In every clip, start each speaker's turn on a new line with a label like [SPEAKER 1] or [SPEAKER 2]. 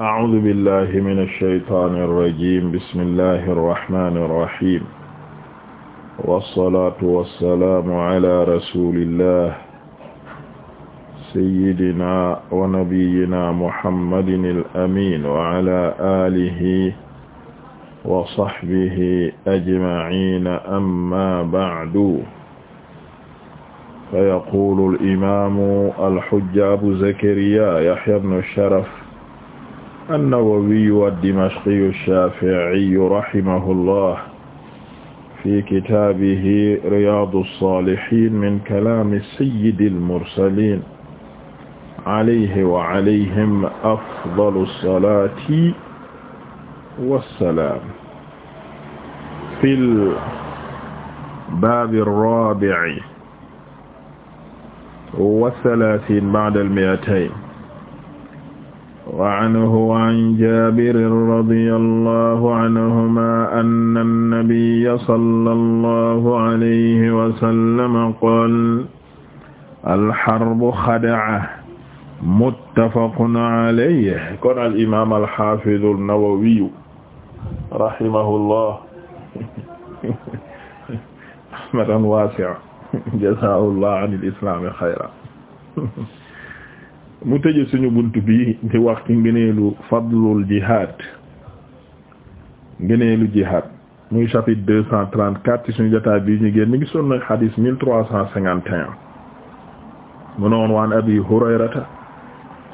[SPEAKER 1] أعوذ بالله من الشيطان الرجيم بسم الله الرحمن الرحيم والصلاة والسلام على رسول الله سيدنا ونبينا محمد الأمين وعلى آله وصحبه أجمعين أما بعد فيقول الإمام الحجة أبو زكريا يحيى بن الشرف annawawiyu addimashqiyu shaafi'iyu rahimahullah fi kitaabihi riyaadu saalihiin min kalaami sayyidil mursaliin alayhi wa alayhim afdalu salaati wa salaam. fil baabi raabi'i wa salaasiina ba'dal mi'atayn wa anhu an jaabirin radiyallahu anhuma anna nabiyya sallallahu alayhi wa sallam qaala alxarbu xada'a muttafaqun alayhi kon al imaam al xaafidu nawawiyu rahimahullah rahmatan waasi'a jazaahullahu anil islaami xayran mu tëje suñu bunt bi di wax ci ngëneelu fadlul jihad ngëneelu jihad muy chapitre deux cent trente-quatre ci suñu jotaay bi ñu génn ngi sonn xadis mille trois cent cinquante et un mu noon waan abi hurayrata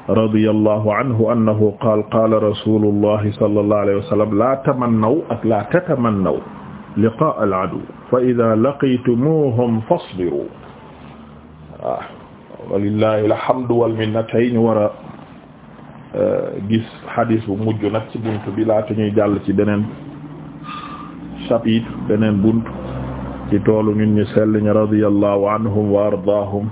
[SPEAKER 1] radiyallahu anhu annahu qaal qaala rasulullahi sallallahu alayhi wa sallam laa tamannaw ak laa tatamannaw liqaa al aduw fa ida laqiitumuhum fasbiru waaw ah. walillahi alhamdu wal minna tey ñu war a euh, gis hadith bu mujj nag ci buntu bi laata ñuy jàll ci beneen chapitre beneen buntu ci toolu nit ñu sell ñi radiyallahu anhum wa ardaahum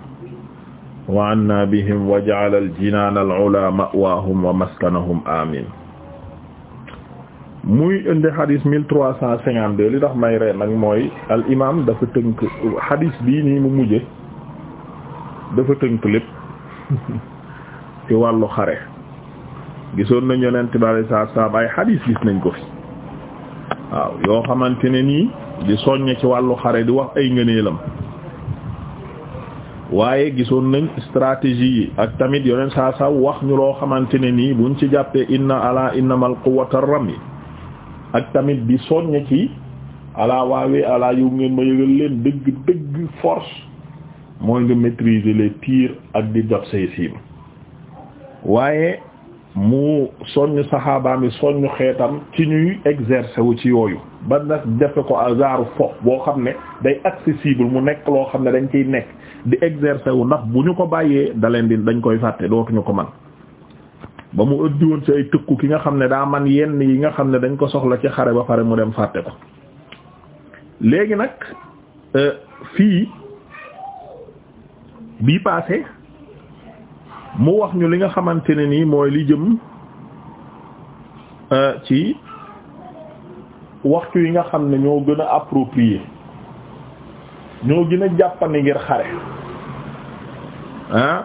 [SPEAKER 1] wa anna bihim wa ja'ala al-jinaan al-'ulaa ma'waahum wa maskanahum amiin muy indi hadith mille trois cent cinquante-deux li tax may ree nag mooy al imaam dafa tënk hadith bii nii mu mujje dafa tënk lépp ci wàllu xare gisoon nañ yonent bi alei saatu ay xadiis gis nañ ko fi waaw yoo xamante ne nii di soññ ci wàllu xare di wax ay ngëneelam waaye gisoon nañ stratégie yi ak tamit yonent saa wax ñu loo xamante ne nii buñ ci jàppee inna ala innamal quwwata rami ak tamit di soññ ci ala waawee ala yu ngeen ma yëgal leen dëgg dëgg force mooy nga maîtriser les tirs ak di jot say cible waaye mu soññ saxaabaam yi soññ xeetam ci ñuy exercer wu ci yooyu ba nag defe ko azaaru fo boo xam ne day accessible mu nekk loo xam ne dañ ciy nekk di exercer wu ndax bu ñu ko bàyyee da leen di dañ koy fàtte dootuñu ko man ba mu ëddi woon ci ay tëkku ki nga xam ne daa man yenn yi nga xam ne dañ ko soxla ci xare ba pare mu dem fàtte ko léegi nag euh, fii bii passé mu wax ñu li nga xamante ne nii mooy li jëm ci waxtu yi nga xam ne ñoo gën a approprié ñoo gën a jàppandi ngir xare ah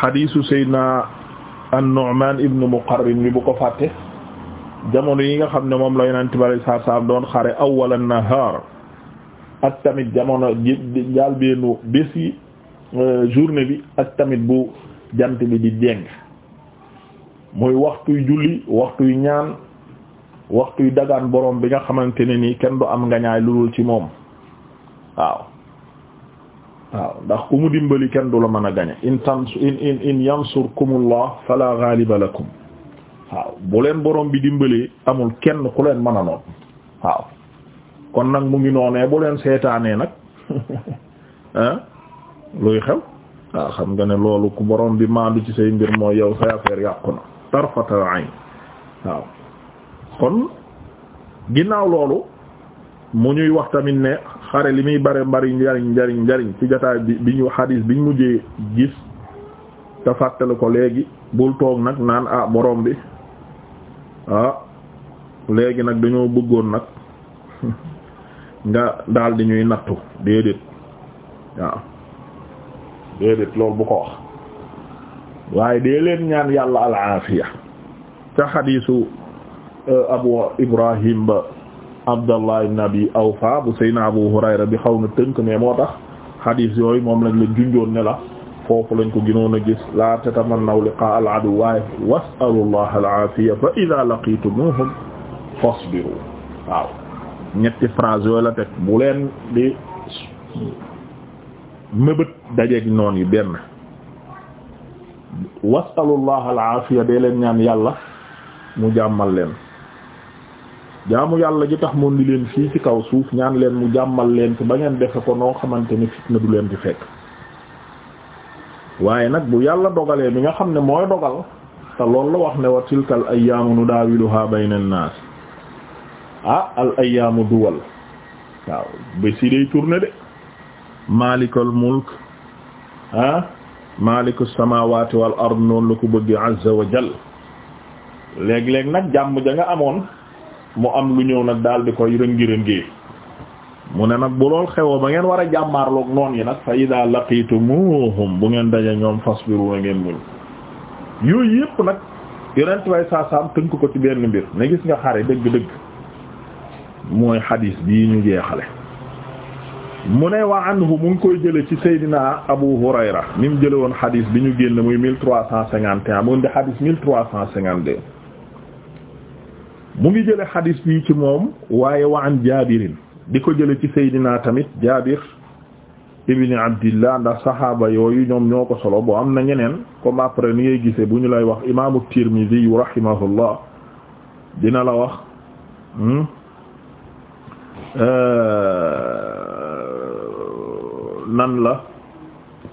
[SPEAKER 1] xadiisu Seydina an-Nu'man ibnu Muqarrin bi bu ko fàtte jamono yi nga xam ne moom la yonent bi alayhi salaatu doon xare awwal an-nahaar ak tamit jamono ji jaal beenu bés yi Euh, journée bi ak tamit bu jant bi di jeng muy waxtuy julli waxtuy ñaan waxtuy dagaan borom bi nga xamante ne nii kenn du am ngañaay lu dul ci moom waaw waaw ndax ku mu dimbali kenn du la mën a gañe in tans in in in yansurkumullah fala ghaliba lakum waaw bu leen borom bi dimbali amul kenn ku leen mën a noon waaw kon nag mu ngi noonee bu leen seetaanee nag ah luy xew waaw ah, xam nga ne loolu ku borom bi maandu ci say mbir mooy yow say affaire yàqu na tarfata ayn waaw kon ginnaaw loolu mu ñuy wax tamit ne xare li muy bare bari njariñ njariñ njariñ ci bi bi ñu xadiis bi ñu mujjee gis te fàttali ko léegi bul toog nag naan ah borom bi ah léegi nag dañoo bëggoon nag nga daal ñuy nattu déedéet waaw déedéet loolu bu ko wax yàlla al aafiya ca xadiisu euh, abu ibrahim ba abdallah ibn abi awfa abu hurayra bi xaw na tënk mais moo tax xadiis yooyu moom lañ la junjoon ne la foofu lañ ko gënoon a gis la al adu waaye wasalu allah al aafiya fa ida laqitumuhum fasbiru waaw mëbët dajeeg noon yi benn wasalullah alaafiya dee leen ñaan yàlla mu jàmmal leen jaamu yàlla ji tax moom ni leen fii ci kaw suuf ñaan leen mu jàmmal leen ci ba ngeen defe ko noo xamante ni fitna du leen di fekk waaye nag bu yàlla dogalee bi nga xam ne mooy dogal te loolu la wax ne wa tilkal ayaamu nudaawiluha bayna an-naas ah al ayaamu duwal waaw bés yi day tourner de malikal mulk ah maliku samawati wal ard noonu la ko bëgg azza wa jal léeg nag jàmm ja nga amoon mu am lu ñëw nag daal di koy rëngi-rëngee mu ne nag bu lool xewoo ba ngeen war a jàmmaarloog noon yi nag fa ida laqitumuhum bu ngeen daje ñoom fasbiru na ngeen muñ yooyu yëpp nag yonent way saasaam tënk ko ci benn mbir ne gis nga xare dëgg-dëgg mooy xadiis bii ñu jeexale mu ne wa anhu mu ngi koy jële ci Seydina Abu Hurayra mi mu jële woon xadis bi ñu génn muy mille trois cent cinquante et un mu ngi xadis mille trois mu ngi jële xadis bi ci moom waaye wa an Jaabirin di ko jële ci Seydina tamit Jaabir ibni Abdillah ndax saxaaba yooyu ñoom ñoo ko solo boo am na ñeneen comme après ni ngay gisee bu ñu lay wax imaamu Tirmidhi yu rahimahullah dina la wax hmm? euh, nan la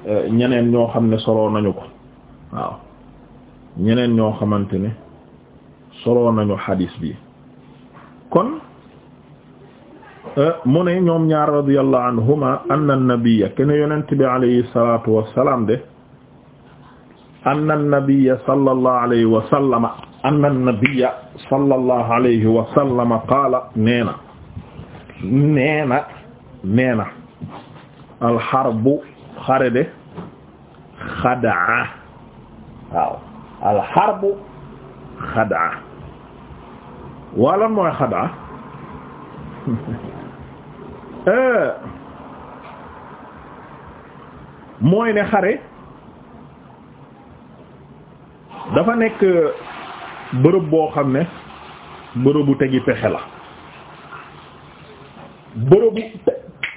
[SPEAKER 1] eh, ñeneen ñoo xam ne solo nañu ko waaw ñeneen ñoo xamante ne soloo nañu xadiis bi kon eh, mu ne ñoom ñaar radiyallahu anhuma anna nabiyya ken yonent bi alayhi salatu wassalam de anna nabiyya sallallahu alayhi wa sallama anna nabiyya sallallahu alayhi wa sallama qaala neena neena neena alxarbu xare de xadaa waaw alxarbu xadaa waa lan mooy xadaa eh, mooy ne xare dafa nekk bërëb boo xam ne bërëbu tegi pexe la bërëbu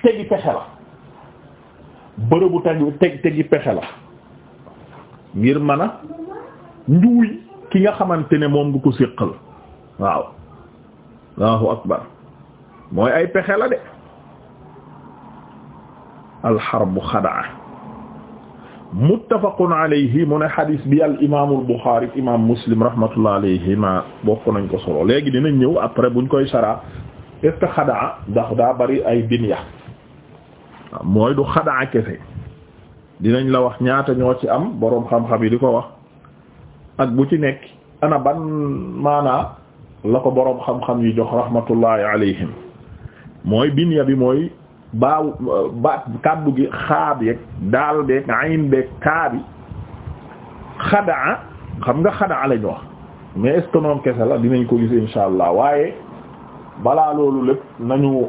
[SPEAKER 1] tegi pexe la bërëbu tegu teg tegi pexe la ngir mana a njuuy ki nga xamante ne moom nga ko séqal waaw allahu akbar mooy ay pexe la de alxarbu xadaa muttafaqun alayhi mu ne xadis bi al imaamul Buxaari imaam Muslim rahmatullah alayhima bokk nañ ko solo léegi dinañ ñëw après buñ koy saraa est ce que ndax daa bari ay binya mooy du xadaa kese dinañ la wax ñaata ñoo ci am boroom xam-xam yi di ko wax ak bu ci nekk ana ban maanaa la ko boroom xam-xam yi jox rahmatullahi alayhim mooy binya bi mooy baaw baat kàddu gi xaabeeg daal beeg ayin beeg kaabi xadaa xam nga xadaa lañ wax mais est-ce que kese la dinañ ko gis insha allah waaye balaa loolu lépp nañu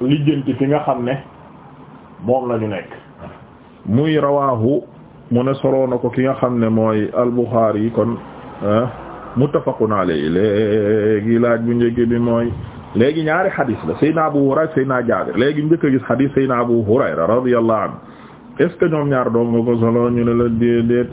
[SPEAKER 1] lijjanti fi nga xam ne moom la ñu nekk muy rawaahu mu ne soloo na ko ki nga xam ne mooy al-Bukhari kon ah, muttafaqun alayhi léegi laaj bu njëkk bi mooy léegi ñaari xadis la Seydina Abu Hurayra Seydina Jaabir léegi njëkk a gis xadis Seydina Abu Hurayra radiyallahu anhu est ce que ñoom ñaar doom ko solo ñu ne la déedéet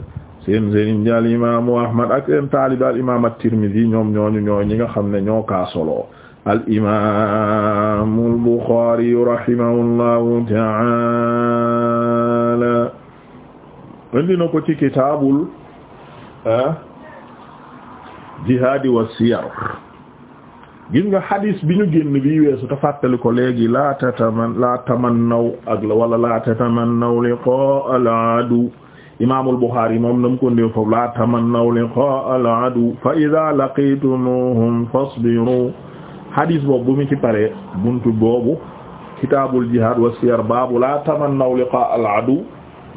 [SPEAKER 1] seen sëriñ al imaamu Ahmad ak seen taalibe al imaam at-Tirmidhi ñoom ñooñu ñoo ñi nga xam ne ñoo kaa solo al imaamul Buxaari rahimahullahu ta'ala indi na ko ci kitaabul ah, jihaadi wa siyar gis nga hadis bi ñu génn bi weesu te fàttali ko léegi laa tataman laa tamannaw ak la wala laa tatamannaw liqaa al adu imaamul Buxaari moom na mu ko ndew foofu laa tamannaw liqaa al adu fa idaa laqiitumuuhum fasbiruu xadis boobu bu mu ci paree buntu boobu kitaabul jihaad wa siyar baabu laa tamannaw liqaa al adu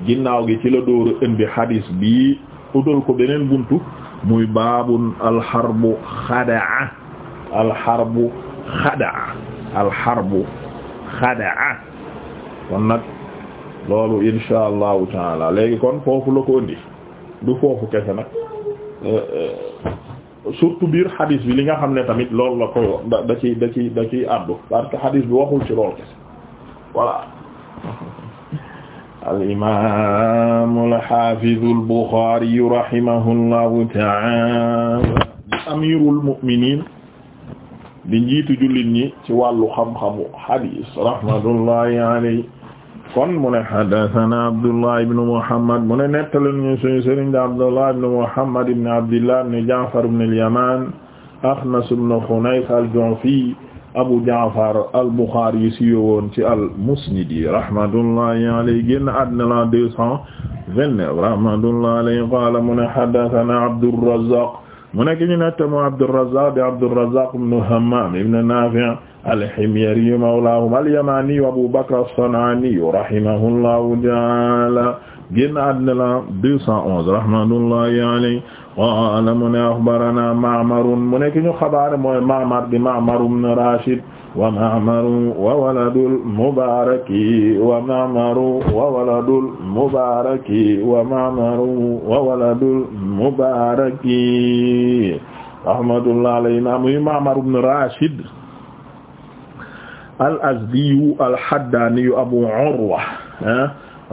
[SPEAKER 1] ginnaaw gi ci la dóora indi xadis bi utal ko beneen buntu muy baabun alxarbu xadaa alxarbu xadaa alxarbu xadaa kon nag loolu insha allahu taala léegi kon foofu la ko indi du foofu kese nag euh, euh, surtout biir xadis bi li nga xam ne tamit loolu la koy da da ci da ci da xadis bi waxul ci lool kese voilà al imam al hafiz al bukhari rahimahullahu ta'ala amirul mu'minin di njiitu jullit ñi ci wàllu xam-xamu xadis kon mu ne haddathana Abdullah ibn Muhammad mu ne nettali ñu suñu sëriñ di Abdullah ibn Muhammad ibn Abdillah ibn Ja'far ibn al-Yaman Akhnas ibn Khunays al-Ju'fi Abu Ja'far al-Bukhari yi si yowoon ci al-Musnad rahmatullahi alayhi génn àddina la deux cent vingt-neuf rahmatullahi alayhi qala mu ne haddathana Abdurrazzaq mu nekk ñu nette moo Abdurrazzaq di Abdurrazzaq ibn Hammam ibn Nafi' al-Himyari mawlahum al-Yamani Abu Bakr as-San'ani rahimahullahu ta'ala génn àddina la 211 rahmatullahi alayhi qaala mu ne axbarana Ma'marun mu ne ki ñu xabaare mooy Ma'mar di Ma'mar ibn Rashid wa Ma'mar wa waladul Mubaraki wa Ma'mar wa waladul Mubaraki wa Ma'mar wa waladul Mubaraki rahmatullah alayhima muy Ma'mar ibn Rashid al-Azdiyu al-Haddaniyu Abu Urwa ah,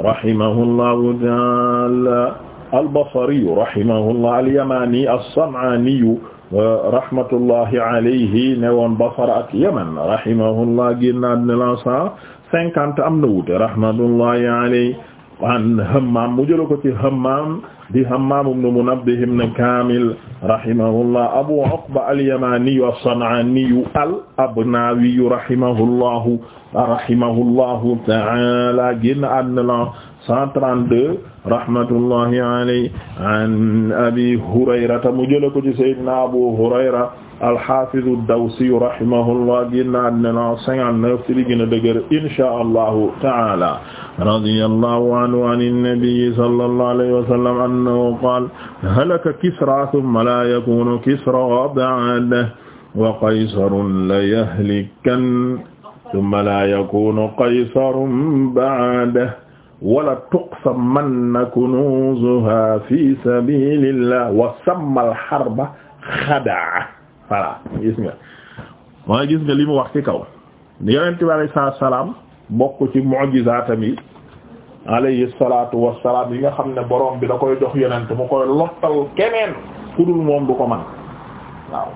[SPEAKER 1] rahimahullahu ta'ala al-Basriyu rahimahullah al-Yamani as-San'aniyu rahmatullahi alayhi ne woon Basra ak Yaman rahimahullah génnaat ne la cent cinquante am na wuute rahmatullahi alayhi an Hammaam mu jëla ko ci Hammaam di Hammaam ibn Munabbih ibn Kaamil rahimahullah Abu Uqba al-Yamaniyu as-San'aniyu al-Abnawiyu rahimahullahu rahimahullahu ta'ala génnaat ne la 132 rahmatullahi alayhi an abi hurayrata mu jëla ko ci sayyidina abu hurayra alhafidu dawsi rahimahullah génna adna la 59 ci li gën a dëgër inshaa allahu taala radiyallahu anhu an annabi sallallahu alayhi wa sallam annahu qaala halaka kisra thumma la yakunu kisra ba'dahu wa qaysarun la yahlikan thumma la yakunu qaysarun ba'dahu wala tuqsamanna kunuzuha fi sabilillah wa sammal harba xadaa voilà gis nga mooy gis nga li mu wax ci kaw yonent bi alayhi salaatu salaam bokk ci mu'jizaatam yi alayhi salaatu wassalaam yi nga xam ne borom bi da koy jox yonent mu koy lottal keneen ku dul moom du ko man waaw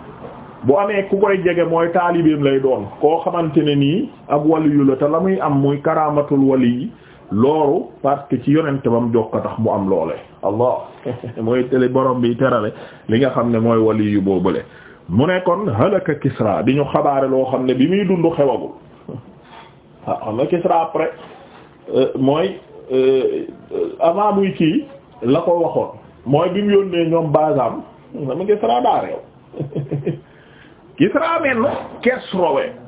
[SPEAKER 1] bu amee ku koy jege mooy taalibeem lay doon koo xamante ne nii ab waliyu la te la muy am muy karaamatul wali loolu parce que ci yonent bam jox ko tax mu am loole allah mooy tëli borom bi terale li nga xam ne mooy wali yu boobule mu nekkoon kon halaka Kisra di ñu xabaare loo xam ne bi muy dund xewagul waaw xam nga kii la ko waxoon mooy bi mu yónnee ñoom basam sama Kisra daa reew Kisra men kes rowe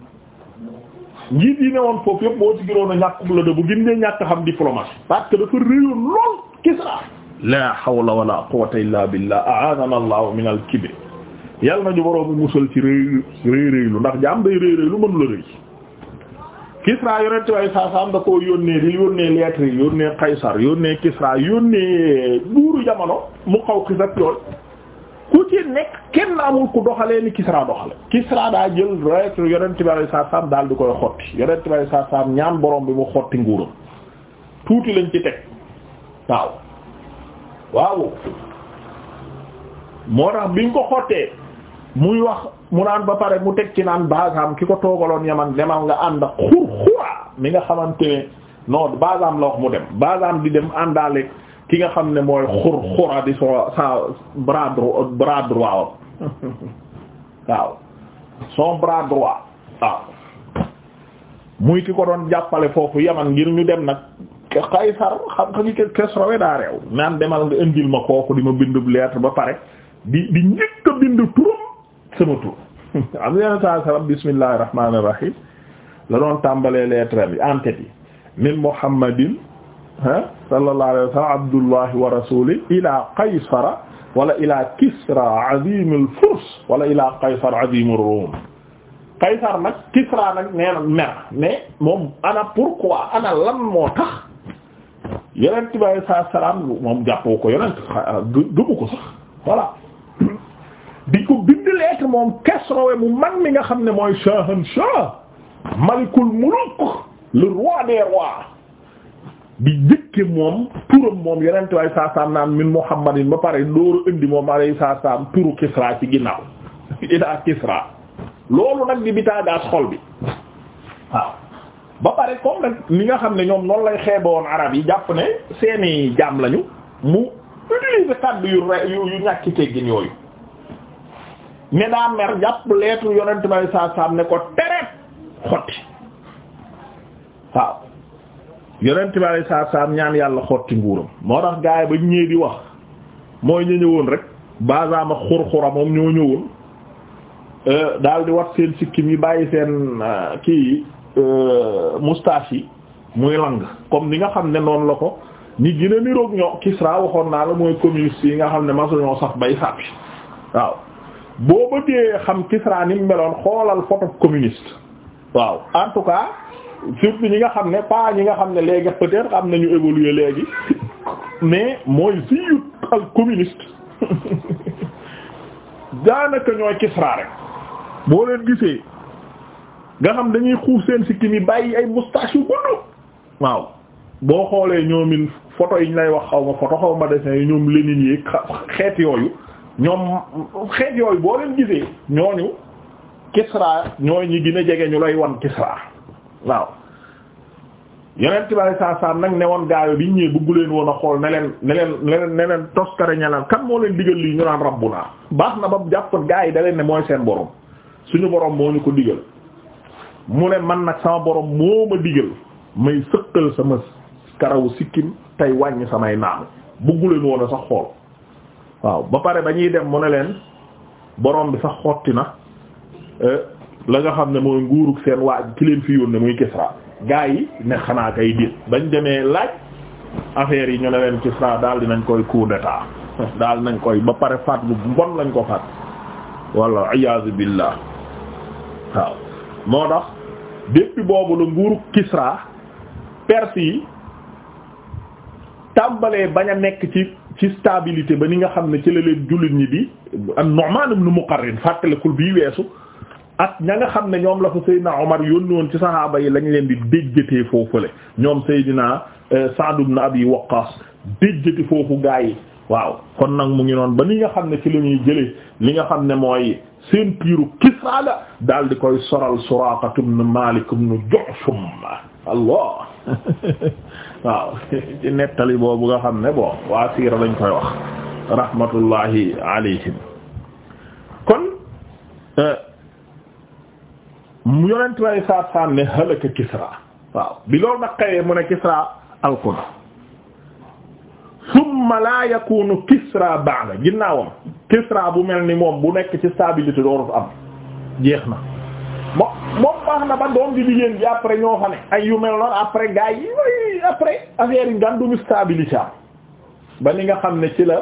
[SPEAKER 1] njiit yi woon foofu yëpp moo ci gënoon a ñàkk la de bu gën ne ñàkk xam diplomatie parce que dafa réyoon lool Kisra la hawla wala quwwata illa billah a'adana allahu min al kibr yàlla nañu boroom musal ci réy réy réylu ndax jaam day réy réylu mënu la rëy Kisra yonent way saasaam da ko yónnee di yónnee lettre saa yónnee Qaysar yónnee Kisra yónnee buuru jamono mu xaw xis ak yooyu ku ci nekk kenn amul ku doxalee ni Kisra doxale Kisra daa jël rek yonent bi alayhi salaam daal di koy xotti yonent bi alayhi salaam ñaan borom bi mu xotti nguuram tuuti lañ ci teg waaw waaw moo tax biñ ko xottee muy wax mu naan ba pare mu teg ci naan basam ki ko toogaloon yaman demal nga ànd xur xura mi nga xamante ne non basam la wax mu dem basam di dem àndaale ki nga xam ne mooy xur xura di so sa bras droit waaw son bras droit waaw muy ki ko doon jàppale foofu yaman ngir ñu dem nag Kaysar xam nga ni Kisra daa réew naan demal nga indil ma kooku di ma bindu lettre ba pare di di njëkk a bind sama tur am na saa salaam bismillahir rahmanir rahim la doon tàmbalee lettre bi en tête yi min Muhammadin ah sallallahu alayhi wa sallam abdullahi wa rasuli ila qaysara wala ila kisra azim al kisra na mer mais ana pourquoi ana lan moo tax yonent bi alayhi salaatu sax voilà di ko bind lettre moom kesrowe mu mag mi nga xam ne mooy shahan shah malikul muluk le roi des rois di jëkke moom turam moom yenente way saasaam naan min muhammadin ba pare dóoru indi moom alay saasaam turu kisra ci ginnaaw ila kisra loolu nag di bitaagaas xol bi waaw ba pare comme nag li nga xam ne ñoom noonu lay xeebe woon arab yi jàpp ne seeni jaam lañu mu utiliser kàddu yu re yu ñàkki teggin yooyu ne daa mer jàpp leetu yonente way saasaam ne ko tereet xotti waaw yonent bi alayhi salaatu salaam ñaan yàlla xotti nguuram moo tax gaay ba ñëwee di wax mooy ñu ñëwoon rek basaama xurxura moom ñoo ñëwoon euh, dal di wat seen sikkim yi bàyyi seen euh, kii yi euh, moustache yi muy lang comme ni nga xam ne noonu la ko ñi gën a niroog ñoo Kisra waxoon naa la mooy communiste yi nga xam ne masañoo sax bay sàppi waaw boo bëggee xam Kisra ni mu meloon xoolal photo waaw en surtout ñi nga xam ne pas ñi nga xam ne léegi peut-être am nañu évoluer léegi mais mooy ziyut al communiste daanaka ñooy Kisra rek boo leen gisee nga xam dañuy xuuf seen sikkim yi bàyyi ay moustache yu gudd waaw boo xoolee ñoomin photo yi ñu lay wax xaw ma photo xaw ma dessin yi ñoom Lénine yi xeet yooyu ñoom xeet yooyu boo leen gisee ñooñu Kisra ñooy ñi gën a jege ñu lay wan Kisra waaw yonent bi saa saa nag ne woon gaayo bi ñëwee bëggu leen woon a xool ne leen ne leen ne leen ne leen toskare ñalaan kan moo leen digal lii ñu naan rabbuna baax na ba mu jàppoon gaa yi dalee leen ne mooy seen borom suñu boroom moo ñu ko digal mu ne man nag sama boroom moo ma digal may sëqal sama karawu sikkim tey wàññi samay naamu bëggu leen woon a sax xool waaw ba pare ba ñuy dem mu ne leen boroom bi sax xotti na. Euh, la nga xam ne mooy nguuruk seen waa ki leen fi yóon ne muy Kisra gaa yi ne xanaa kay dit bañ demee laaj affaire yi ñu ne leen Kisra daal dinañ koy coup d'état daal nañ koy ba pare faat bu mbon lañ ko faat walla iyaazu billah waaw moo tax depuis boobu la nguurug Kisra Perse yi tàmbalee bañ a nekk ci ci stabilité ba ni nga xam ne ci la leen jullit ñi di am Nu'man ibn Muqarrin fàttalikul bii weesu ak ña nga xam ne ñoom la fa Seydina Omar yónni woon ci saxaaba yi lañu leen di déjjatee foofule ñoom Seydina euh, Sa'd ibn Abi Waqqas déjjati foofu gaa yi waaw kon nag mu ngi noonu ba ni nga xam ne ci la ñuy jëlee li nga xam ne mooy seen piiru Kisra la daal di koy soral Suraaqa ibn Maalik ibn Ju'shum Allah waaw nettali boobu nga xam ne bon waa siira lañ koy wax rahmatullahi alayhim kon euh, mu yonent lay saat saam ne halaka waaw bi loolu nag xëyee mu ne Kisra alkuna summa laa yakunu Kisra ba'da ginnaawam Kisra bu mel ni moom bu nekk ci stabilité dooru am jeex na moom moom baax na ba doom di jigéen bi après ñoo fa ne ay yu mel noonu après gars yi après affaire yi ngandumi stabilité am ba ni nga xam ne ci la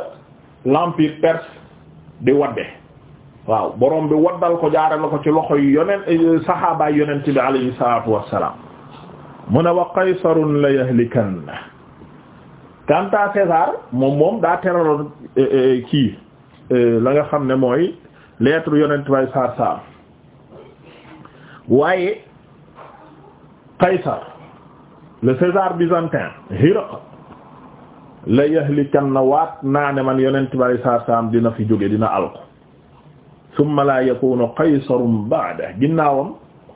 [SPEAKER 1] l'empire perse di wadde waaw borom bi waddal ko jaare la ko ci loxo yu yonen saxaabaay yonent bi alayhi salaatu wassalaam mu ne wa qaysarun la yahlikan kanta César moom moom daa teraloon eh, eh, kii eh, la nga xam ne mooy lettre yonent bay saar saar waaye Qaysar le César byzantin Hiraq la yahlikan na waat naa ne man yonent bay saar saar dina fi jóge dina alko summa la yakunu qaysarun ba'da ginnaawam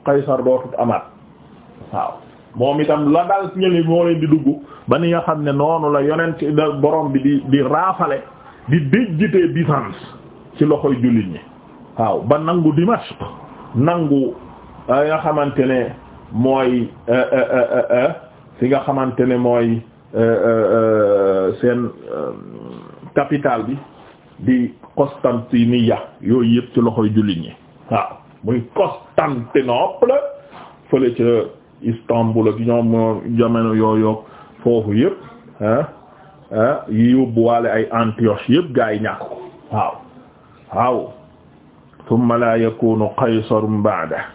[SPEAKER 1] qaysar dootut amaat waaw moom itam la daal ñële moo leen di dugg ba ni nga xam ne noonu la yeneen da borom bi di di raafale di déjjitee Byzance ci loxoy jullit ñi waaw ba nangu Dimashq nangu ah, nga xamante ne mooy eh, eh, eh, fi nga xamante ne mooy seen capitale bi di Constantiniya yooyu yëpp ci loxoy jullit ñi waaw muy Constantinople fële ca Istanbul ak ñoom jamono yooyu foofu yëpp ah ah yi yóbbuwaale ay Antioche yëpp gaa yi ñàkk ko waaw waaw thumma la yakunu qaysarun ba'da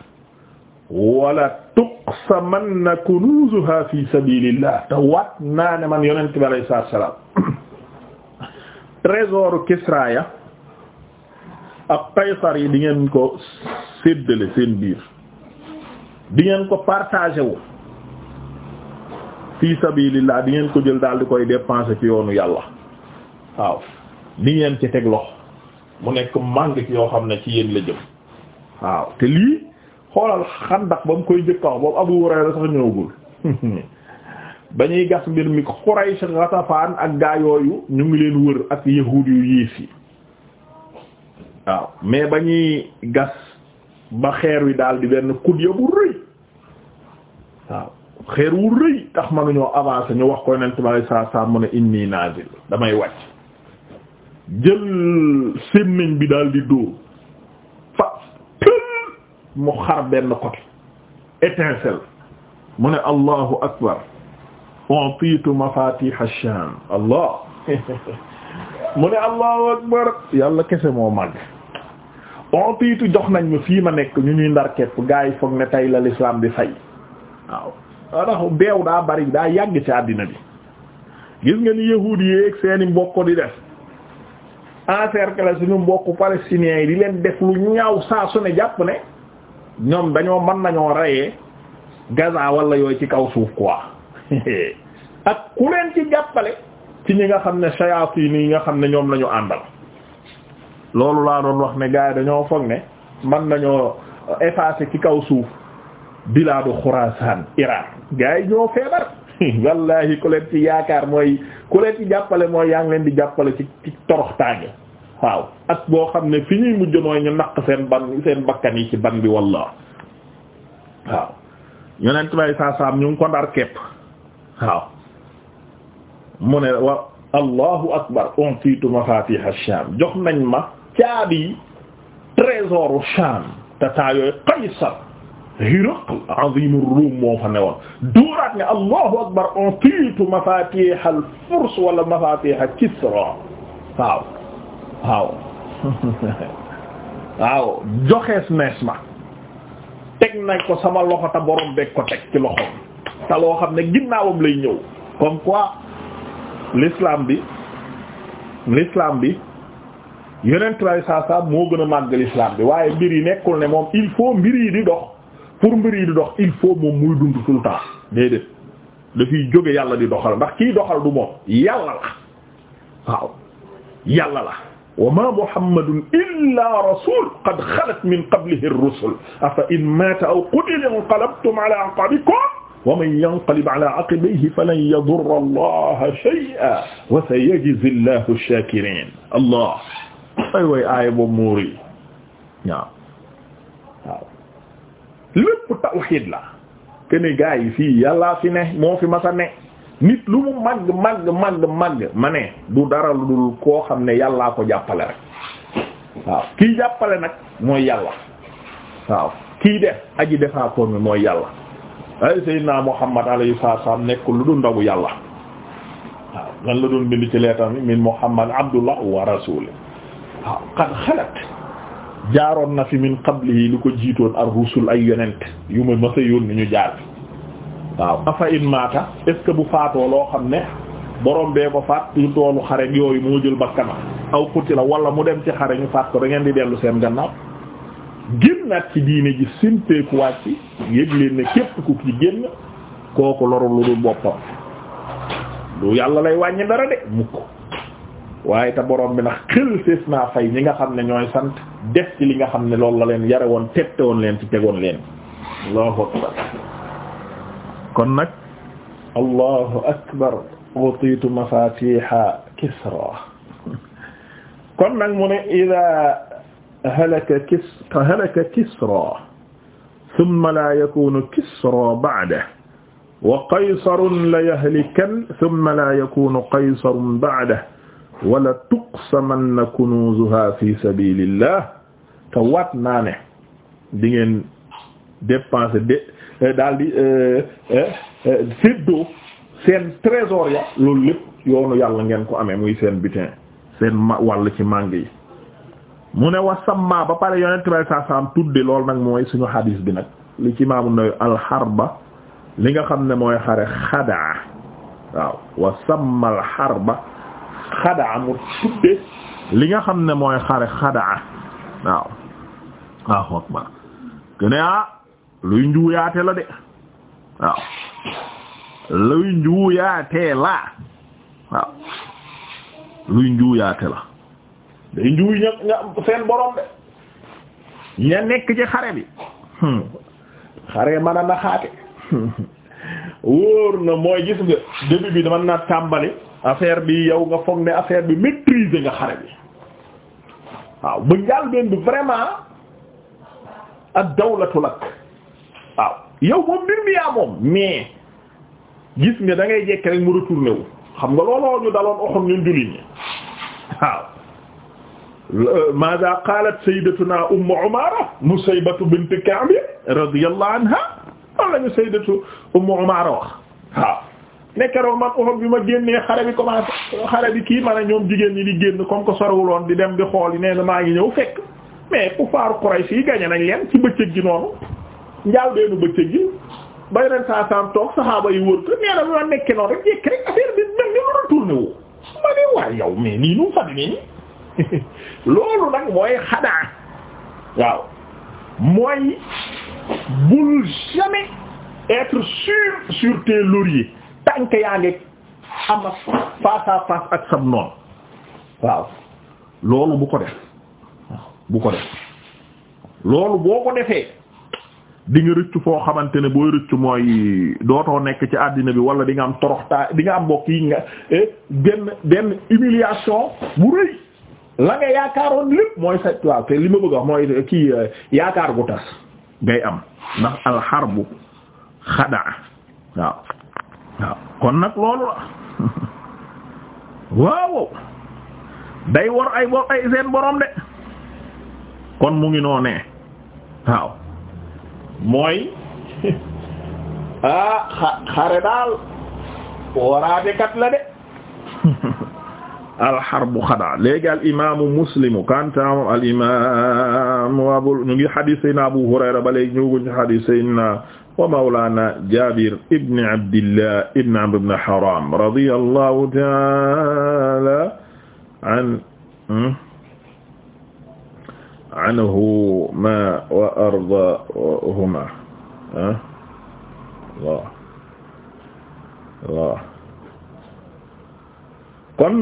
[SPEAKER 1] wala tuqsamanna kunuzuha fi sabilillah te waat naa ne man yonent bi alayhi salaam trésor Kisra ya ak Qaysar yi di ngeen ko séddale seen biir di ngeen ko partagé wu fii sabilillah di ngeen ko jël daal di koy dépenser ci yoonu yàlla waaw di ngeen ci teg loxo mu nekk manque ci yoo xam ne ci yéen la jëm waaw te lii xoolal xandak ba mu koy jëkka boobu Abu Hurayra sax ñëwagul ba ñuy gas mbir mi Quraysh Ghatafaan ak gaa yooyu ñu ngi leen wër ak yahuud yu yiis yi waaw mais ba ñuy gas ba xeer wi daal di benn kudya bu rëy waaw xeer wu rëy tax mënuñoo avancer ñu wax ko Yonent saa saa mu ne inni naazil damay wàcc jël sémmiñ bi daal di dóor fa mu xar benn côté étincelle mu ne Allahu akbar u'tiitu mafatih ash-Sham allah mu ne allahu akbar yàlla kese moo màgg u'tiitu jox nañ ma fii ma nekk ñu ñuy ndar képp gaa yi foog ne tey la l'islam bi fay waaw waa tax beew daa bari daa yàgg ci àddina bi gis nga ni yahuud yéeg seeni mbokk di def encercler suñu mbokk palestiniens yi di leen def lu ñaaw saa su ne jàpp ne ñoom dañoo mën nañoo reyee Gaza wala yooyu ci kaw suuf quoi ak ku leen ci jàppale ci ñi nga xam ne sayaatin yi nga xam ne ñoom la àndal loolu laa doon wax ne gars dañoo foog ne man nañoo effacer ci kaw suuf bilaadu Xuraasaan Iran gars yi ñoo feebar wallahi ku leen ci yaakaar mooy ku leen ci jàppale mooy yaa ngi leen di jàppale ci ci torox tànge waaw ak boo xam ne fi ñuy mujj mooy ñu naq seen ban seen bakkan yi ci ban bi wallah waaw yonent bay saasaam ñu ngi ko ndar képp waaw mu ne wa allahu akbar untitu mafatih ash-sham jox nañ ma caabi trésoru sham te temps yooyu qaysar hiraql azim ar-rum moo fa newoon dooraat ne allahu akbar untitu mafatih al-furs wala mafatih kisra waaw waaw waaw joxees nees ma teg nañ ko sama loxo ta borom beeg ko teg ci loxoom te xam ne ginnaawam lay ñëw comme quoi l'islam bi l'islam bi yeneen way saa saa moo gën a màgg l'islam bi waaye mbir yi nekkul ne moom il faut mbir yi di dox pour mbir yi di dox il faut moom muy dund tout le temps déedéet jóge yàlla di doxal ndax kiy doxal du moom yàlla la waaw yàlla la wa ma muhammadun illa rasul qad xalat min qablihi ar-rusul afa in mata aw qutila inqalabtum ala aqabikum wa man yanqalib ala aqibayhi falan yadurra allaha shay'an wa sayajzi allahu allah ay way aaya boobu muur yi waaw waaw la kene gaa yi fii yàllaa fi moo fi masa ne nit lu mu màgg màgg màgg màgg ma ne du dara lu dul koo xam ne yàllaa ko jàppale rek waaw kii jàppale nag mooy yàlla waaw kii def mi mooy yàlla ay Seydina Muhammad alayhi salaam nekkul lu dul ndawu yàlla waaw lan la doon bind ci leetar mi min Muhammad abdullah wa rasul waaw qad xalat jaaroon na fi min qablihi lu ko jiitoon ar rusul ay yonent yu ma masa yoon ni ñu jaar waaw afa in maata est bu faatoo loo xam ne boroom bee ko faat yu toolu xare yooyu moo jël bakkana aw kuti la wala mu dem ci xare ñu faat ko da ngeen di dellu seen gannaaw génnaat ci diine ji simpeeku wàcc yëg leen ne képp ku ci génn kooku loru lu dul boppam lu yàlla lay wàññi dara de mukk waaye te borom bi nag xel fees naa fay ñi nga xam ne ñooy sant def ci li nga xam ne loolu la leen yare woon tette woon leen ci tegoon leen allahu akbar kon nag allahu akbar utiitu mafatiha kisra kon nag mu ne ida halaka kis halaka kisra thumma la yakunu kisra ba'dahu wa qaysarun la yahlikan thumma la yakunu qaysarun ba'dahu wala tuqsamanna kunuuzuha fi sabilillah te waat naa ne di ngeen dépenser de euh, daal di euh, euh, séddoo seen trésor ya loolu lépp yoonu yàlla ngeen ko amee muy seen butin seen ma wàll ci màng yi mu ne wasamma ba pare yonent bay saa saam tudde loolu nag mooy suñu hadis bi nag li ci maamu na alxarba li nga xam ne mooy xare xadaa waaw li nga xam ne mooy xare xadaa waaw waaw xoog ba kene ah luy njuuyaate la de waaw luy njuuyaate la waaw luy njuuyaate la day njuuy am ña seen borom de ña nekk ci xare bi hmm. xare mën a naxaate hmm. wóor na mooy gis nga début bi dama naa tàmbali affaire bi yow nga foog ne affaire bi maîtriser nga xare bi waaw ba njaal benn bi vraiment ak dawlatu lak waaw yow moom mbir mi yaa moom mais gis nga da ngay jekk rek mu retourné xam nga looloo ñu daloon oxon ñun jullit ñi waaw maada qaalat sayyidatuna ummu umaara musaybatu bint Ka'b radiyallahu anha loolu la ñu sayyidatu ummu umaara wax waaw ne keroog man Uhud bi ma génnee xare bi commencé xare bi kii ma na ñoom jigéen ñi di génn comme que sorewuloon di dem di xool yi nee na maa ngi ñëw fekk mais kuffaaru Quraysh yi gañe nañ leen ci bëccëg gi noonu njaal deenu bëccëg gi ba yeneen saa saam toog saxaaba yi nee na ma nekkee noonu rek jékki rek affaire bi mel ni lu retourné ma ne waaye yow mais loolu nag mooy xadaa waaw mooy bul jamais être sûr sur tes lauriers tant que yaa ngi am face à face ak sam noonu waaw loolu bu ko def waaw bu ko def loolu boo ko defee di nga rëccu foo xamante ne booy rëccu mooy dootoo nekk ci àddina bi wala di nga am toroxtaa di nga am bokk yi nga eh, benn benn humiliation bu rëy la nga yaakaaroon lépp mooy sa waaw te li ma bëgg a wax mooy kii euh, yaakaar gu tas ngay am ndax alxarbu xadaa waaw waaw kon nag loolu la waaw day wor ay bo ay seen borom de kon mu ngi noonee waaw mooy ah xa xare daal waraatekat la de alxarbu xada léegi al imaamu muslimu kantaam al imaamu abu ñu ngi xadiis saydna abu hurayra ba léegi ñëwguñ ci xadiis saydna wa mawlaana jabir ibni abdillah ibni amr ibn haram radiyallahu taala an hmm, anhuma wa ardaahuma ah, Allah Allah kon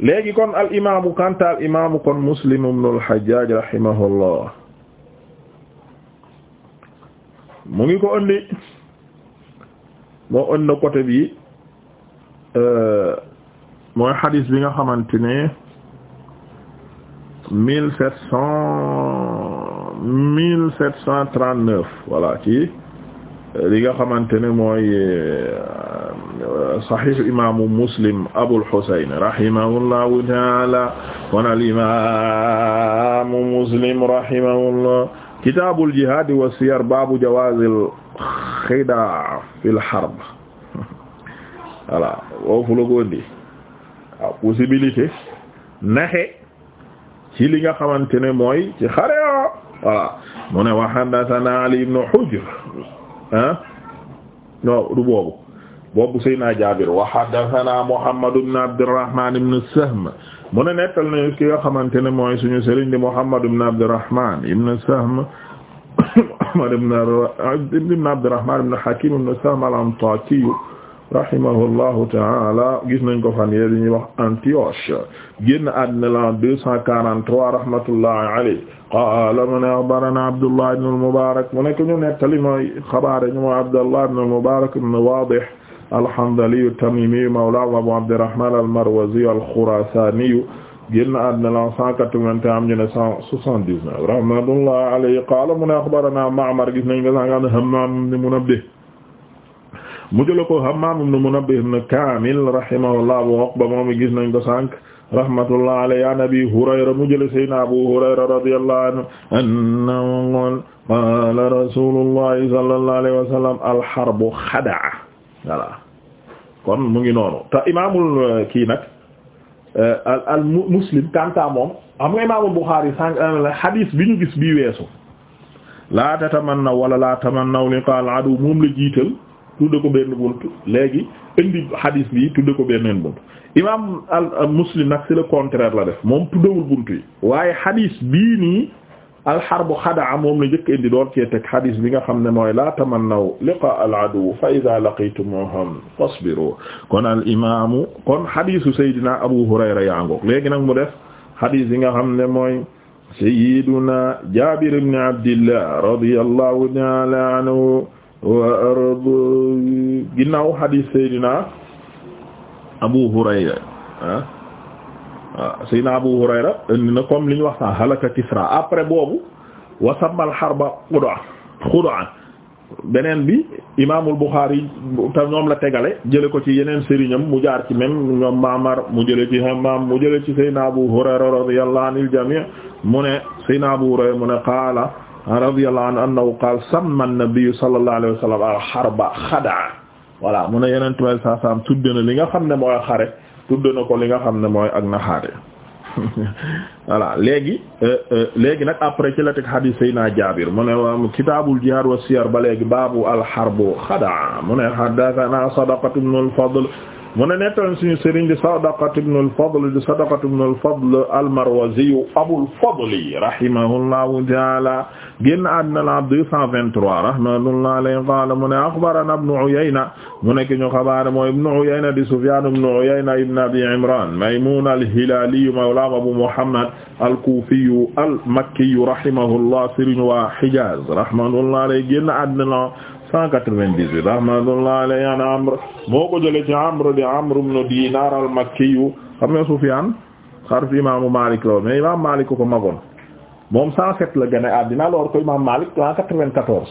[SPEAKER 1] léegi kon al imaamu kanta al imaamu kon muslim ibn al rahimahullah mu ngi ko indi moo indi na côté bi euh, mooy xadis bi nga xamante ne mille sept cent mille neuf voilà ci li nga xamante ne mooy euh, saxiix imaamu muslim Abul Husayn rahimahullahu taala kon al imaamu muslim rahimahullah kitaabul jihaad wa siyar baabu jawaazil xidaa fil harb voilà foofu la ko indi waaw possibilité naxe ci li nga xamante ne mooy ci xare yoo voilà mu ne wa haddathana Ali ibn Hujr ah non du boobu. boobu Seydina Jaabir wa haddathana Muhammad ibn Abdurrahman ibn Sahm mu ne nettal nañu ki nga xamante ne mooy suñu sëriñ di Muhammad ibn Abdurrahman ibn Sahm Muhammad ibn Abdurrahman ibn Hakim ibn Sahm al-Antaki rahimahullahu taala gis nañ ko fan yee dañuy wax Antioche génn àddina la 243 rahmatullahi alayhi qaala mu ne axbarana Abdullah ibn al-Mubarak mu ne ko ñu nettali mooy xabaare ñu mooy Abdullah ibn al-Mubarak ibn Wadih alhandaliyu tamimiyu mawla abu abdirahman almarwaziyu alxurasaniyu génn àddina la 181 am ñu ne 179 rahmatullah alayhi qaala mu ne axbarana Ma'mar gis nañ nga sàngaan Hammaam ibn Munabbih mu jëla ko Hammaam ibn Munabbih ibn Kaamil rahimahullah Abu Uqba moom gis nañ ko sànq rahmatullah alayhi an Abi Hurayra mu jëla Seydina Abu Hurayra radiyallahu anhu annahu qaala rasuulullahi sallallahu alayhi wa sallam al-harbu xada'a voilà kon mu ngi noonu te imaamul euh, kii nag euh, al al muslim kanta moom xam nga imaamul ne sànq hadith euh, bi ñu gis bii weesu laa tatamanna wala laa tamannaw liqa al adu moom la jiital tudde ko benn bunt léegi indi hadith bi tudde ko beneen bunt imaam al muslim nag c'est le contraire la def moom tuddewul bunt yi waaye hadith bii nii. alxarbu xadaa moom la njëkk indi door cee teg xadis bi nga xam ne mooy la tamannaw liqa al aduw fa ida laqitumuhum fasbiru kon al imaamu kon xadisu saydina abu hurayra yaangoog léegi nag mu def xadis bi nga xam ne mooy sayiduna jabir ibn abdillah radiyallahu ta'ala anhu wa arda ginnaaw xadis saydina abu hurayra ah waaw Seydina Abu Hurayra indi na comme li ñu waxtaan sa halaka Kisra après boobu wasamal xarba xuda xuda beneen bi imaamul Bukhari te ñoom la tegale jële ko ci yeneen sëriñam mu jaar ci même ñoom Maamar mu jële ci Hammaam mu jële ci Seydina Abu Hurayra radiyallahu anil jami' mu ne Seydina Abu Hurayra mu ne qaala radiyallahu anhu annahu qaala samma an-nabiyyu sallallahu alayhi wa sallam al-harba xada voilà mu ne yeneen tubaab saa saam na li nga xam ne mooy xare tudd na ko li nga xam ne mooy ak naxaate voilà léegi euh, euh, léegi nag après ci la teg hadis sayna Jaabir mu ne wa jihaad wa siyar ba léegi baabu alxarbu xadaa mu ne haddathana Sadaqatu ibnul Fadl mu ne nettali suñu sëriñ di Sadaqat ibn al-Fadl di Sadaqat ibn al-Fadl al-Marwazi Abul Fadli rahimahullahu ta'ala génn àddina la 223 rahmatullahi alayhi qala mu ne akhbarana ibn Uyayna mu nekk ñu xabaar mooy ibn Uyayna di Sufyan ibn Uyayna ibn Abi Imran Maymun al-Hilali mawla Abu Muhammad al-Kufi al-Makki rahimahullah sëriñ waa Hijaz rahmatullahi alayhi génn àddina 198 rahmatullah alayhi an Amr moo ko jëlee ci Amr di Amr ibn Dinar al-Makki xam nga Sufyan xar fi imaamu Malik la mais imam Malik ko magoon moom 107 la gën a àddina alors que imam Malik 94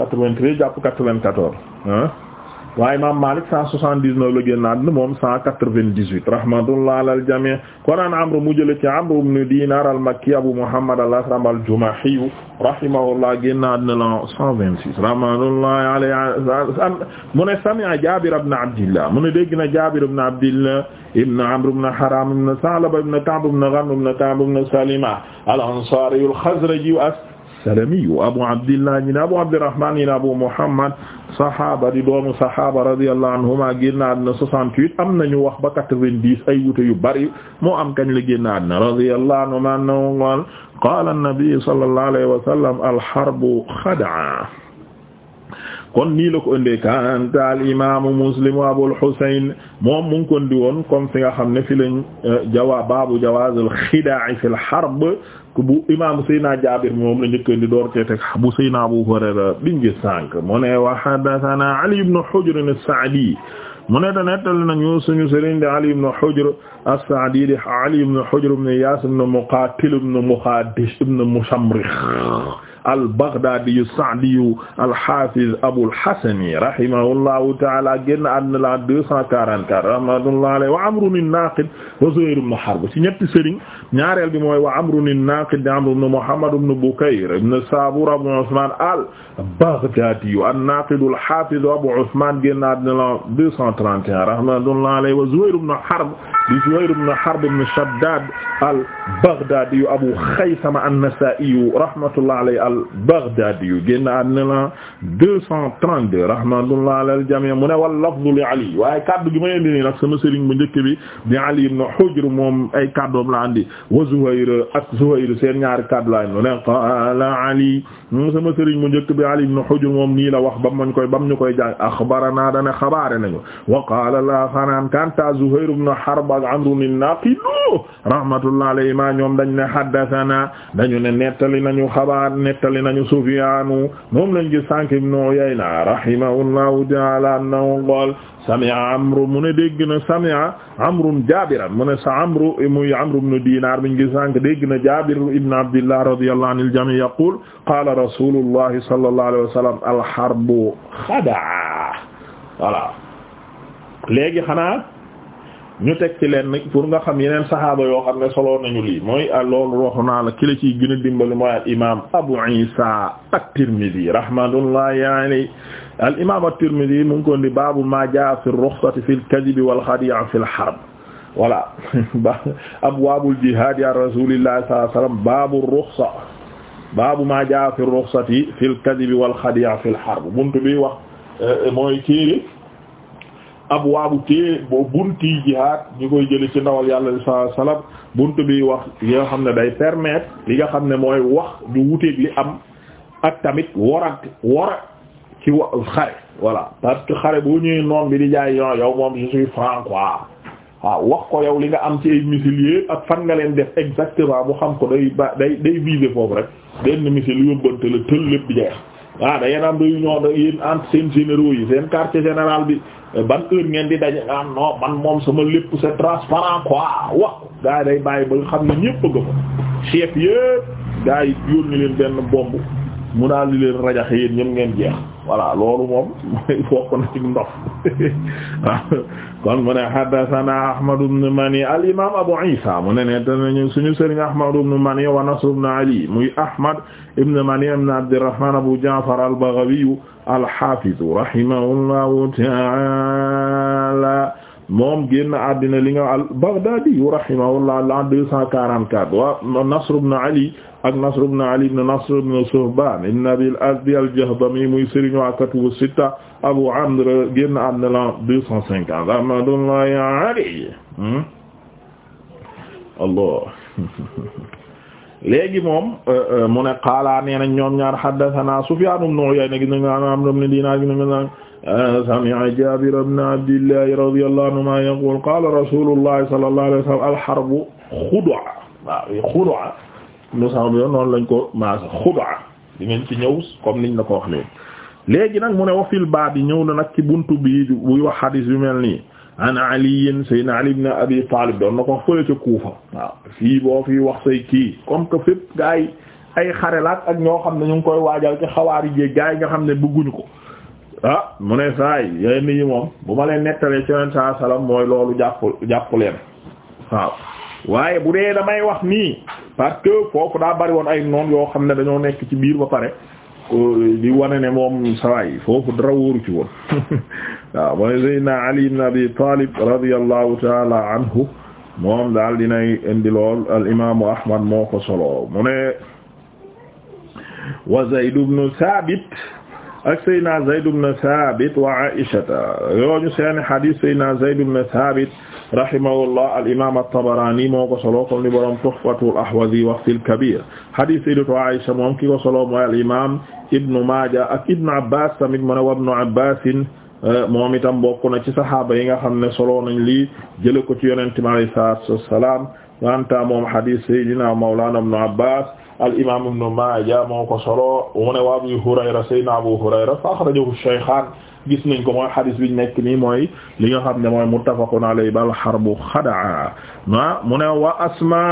[SPEAKER 1] 93 jàpp 94 ah waaye imaam Maalik cent soixante-dix-neuf la génn àdduna moom cent quatre-vingt-dix-huit rahmatullah ala al-jamii' kon an Amr mu jële ci Amr ibn Diinaar al-Makki Abu Muhammad al-Asram al-Jumahi rahimahullah génn àdduna la cent vingt-six rahmatullahi alayhi mu ne sami'a Jaabir ibn Abdillah mu ne dégg na Jaabir ibn Abdillah ibn Amr ibn Haraam ibn Sa'laba ibn Ka'b ibn Ghanm ibn Ka'b ibn Salima al-Ansaari al-Khazraji as-Salami Abu Abdillah ñi ne Abu Abdirrahman ñi ne Abu Muhammad sahaaba di doomu sahaaba radiyallahu anhuma génn na àddina 68 am nañu wax ba 90 ay wute yu bari moo am kañ la génn na àddina radiyallahu anhuma annahu qaala an-nabi sallallahu alayhi wa sallam al-harbu khada'a kon nii la ko ëndee kanta al imaamu muslim abul husayn moom mu ngi ko indi woon comme fi nga xam ne fi lañ euh, jawa baabu jawaaz al xidaa fi al harb bu imaamu Seydina Jaabir moom la di door cee bu Seydina Abu Hurayra biñ gis sànq mu ne wa haddathana Ali ibn Hujr as-Sa'di mu ne te nettali nañu suñu sëriñ di Ali ibn Hujr as-Sa'di di Ali ibn Hujr ibn Iyaas ibn Muqaatil ibn Muxaadish al-Baghdadi as-Sa'di al-Hafiz Abul Hasan rahimahullahu ta'ala génn àddina la 244 rahmatullahi alayhi wa Amrun an-Naqid wa Zuhayr ibn Harb ci ñetti sëriñ ñaareel bi mooy wa Amrun an-Naqid Amr ibn Muhammad ibn Bukayr ibn Sabur Abu Usman al-Baghdadi an-Naqid al-Hafiz Abu Usman génn àddina la 231 rahmatullahi alayhi wa Zuhayr ibn Harb di Zuhayr ibn Harb ibn Shaddad al-Baghdadi Abu Khaythama an-Nasa'i rahmatullahi alayhi al-Baghdadi yu génn àddina la 232 rahmatullah ala al-jami' mu ne wal lafdu li Ali waaye kaddu gi ma indi nii nag sama sëriñ bu njëkk bi di Ali ibn Hujr moom ay kaddoom la andi wa Zuhayr ak Zuhayr seen ñaari kaddu la andi mu ne qaala Ali moom sama sëriñ bu njëkk bi Ali ibn Hujr moom nii la wax bam mañ koy bam ñu koy jàng axbarana dana xabaare nañu wa qaala la fanaan kanta Zuhayr ibn Harb ak Amr an-Naqi rahmatullah alayhi ma ñoom dañ ne haddathana dañu ne nettali nañu xabaar nettali nañu Sufyaanu moom lañ gis sànq ibn Uyayna rahimahullahu ta'ala annahu qaala sami'a Amru mu ne dégg na sami'a Amrun Jaabiran mu ne sa Amru muy Amru ibn Diinaar biñ gis sànq dégg na Jaabir ibn Abdillah radiyallahu anil jamii' yaqul qaala rasuulullahi sallallahu alayhi wa sallam al-harbu khada' voilà léegi xanaa ñu teg ci leen pour nga xam yeneen saxaaba yoo xam ne solo nañu lii mooy ah, loolu waxu naa la ki la ciy gën a dimbali mooy al imaam Abu Isa at-Tirmidhi rahmatullahi alayhi al imaam at-Tirmidhi mu ngi ko indi baabu ma jaa fi ruxsati fi al-kadhibi wal xadi'a fi al-harb voilà abwaabul jihaad ya rasuulillahi sallallahu alayhi wasallam baabu ruxsa baabu ma jaa fi ruxsati fi al-kadhibi wal xadi'a fi al-harb buntu bi wax eh, eh, mooy kii waa abwaabu tée bo bunti jihaad ñu koy jële ci ndawal yàlla li saa sallam bunt bi wax yi xam ne day permettre li nga xam ne mooy wax du wuteeg li am ak tamit warat wara ci wa xare voilà parce que xare bu ñuy noon bi di jaay yo yow moom je suis waaw wax ko yow li nga am ci ay missiles ak fan nga leen def exactement bu xam ko day ba day day viser foofu rek benn missile yóbbante la tël lépp di jeex waaw da yeen am réunion da yéen entre seen ban heure ngeen di daje ah non man moom sama lépp c'est transparent quoi wax gars day bàyyi ba nga xam ne ñëpp bëgg ko chef yëpp gars yi yónni leen benn bomb mu daal di leen rajaxe yéen ñoom ngeen jeex voilà loolu moom mooy bokk na ci ndox ah, kon mu ne haddathana Ahmad ibn Mani al imam Abu Isa mu ne ne danañu suñu sëriñ Ahmad ibn Mani wa Nasr ibn Ali muy Ahmad ibn Mani ibn Abdirrahman Abu Ja'far al-Baghawi al-Hafiz rahimahullahu ta'ala moom génn àddina li nga al-Baghdadi rahimahullah l'an 244 wa Nasr ibn Ali ak Nasr ibn Ali ibn Nasr ibn Suhban ibn Abi al-Azdi al-Jahdami muy sëriñ wa kutubu sitta Abu Amr génn àddina l'an 250 rahmatullahi alayhi hmm? Allah léegi moom euh, euh, mu ne qaala nee ñoom ñaar haddathana Sufyaan ibn Uyayna gis nañ Amr a Dinaar gis nañ euh, sami'a Jaabir ibn Abdillah radiyallahu anhuma yaqul qaala Rasulullah sallallahu alayhi wa al-harbu xud'a waaw xud'a musaab yo noonu lañ ko maasa xud'a dinañ ci ñëw comme niñ la ko wax léegi nag mu ne wa fil baab ñëw na nag ci buntu bi buy wax hadis yu mel nii an aliyin saydna ali na abi talib doon na ko wax fële Kuufa waaw fii boo fii wax say kii comme que fépp gaa yi ay xare xarelaat ak ñoo xam ne ñu ngi koy waajal ci xawaar yi gaa yi nga xam ne bëgguñu ko ah mu ne saay yenn yi moom bu ma leen nettalee ci yonent saa salaam mooy loolu jàpp jàpp leen waaw waaye bu dee damay wax nii parce que foofu daa bari woon ay noon yoo xam ne dañoo nekk ci biir ba pare Euh, di wane ne moom sawaay foofu dara wóoru ci woon waaw mooy Seydina Ali ibn Abi Talib radiyallahu taala anhu moom daal dinay indi lool al imaamu Ahmad moo ko solo mu ne wa Zayd ibn Thabit ak Seydina Zayd ibn Thabit wa Aïshata yooñu seen hadith Seydina Zayd ibn Thabit rahimahullah al imam at-Tabarani moo ko solo kon li borom Tuhfatul Ahwazi wax fil Kabir hadith sayyidatu Aisha moom ki ko solo mooy al imam Ibn Majah ak Ibn Abbas tamit mu ne wa Ibn Abbas eh, moom itam bokk na ci saxaaba yi nga xam ne solo nañ lii jële ko ci yonente mi alayhi salaatu wassalaam wanta moom hadith sayyidina mawlana Ibn Abbas al imam Ibn Majah moo ko solo mu ne wa Abu Hurayra sayyidina Abu Hurayra fa akhrajahu shaykhan gis nañ ko mooy xadis biñ nekk nii mooy li nga xam ne mooy muttafaqun alayhi bal harbu xadaa wa mu ne wa asma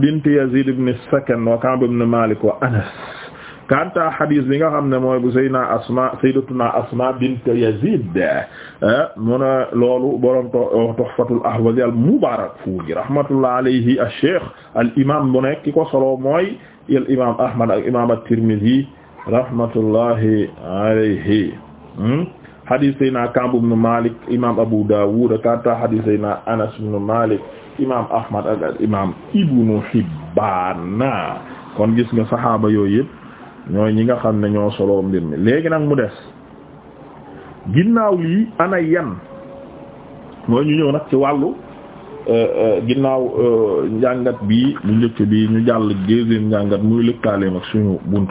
[SPEAKER 1] bint yazid ibn sakan wa ka'b ibn malik wa anas kanta xadis bi nga xam ne mooy bu sayna asma sayyidatuna asma bint yazid mu ne loolu borom tuhfatul ahwazi al mubarak fuuri rahmatullah alayhi ash-shaykh al imam bu nekk ki ko solo mooy al imam ahmad ak imam at-tirmidhi rahmatullahi alayhi Hmm? hadis sayna Ka'b ibn Malik imam Abu Dawud kanta hadis sayna Anas ibn Malik imam Ahmad ak imam Ibn Hibban kon gis nga saxaaba yooy yëpp ñooy ñi nga xam ne ñoo solo mbir mi léegi nag mu des ginnaaw lii ana yan mooy ñu ñëw nag ci wàllu euh, euh, ginnaaw euh, njàngat bii ñu njëkk bii ñu jàll deuxième njàngat muy lëkkaaleem ak suñu buntu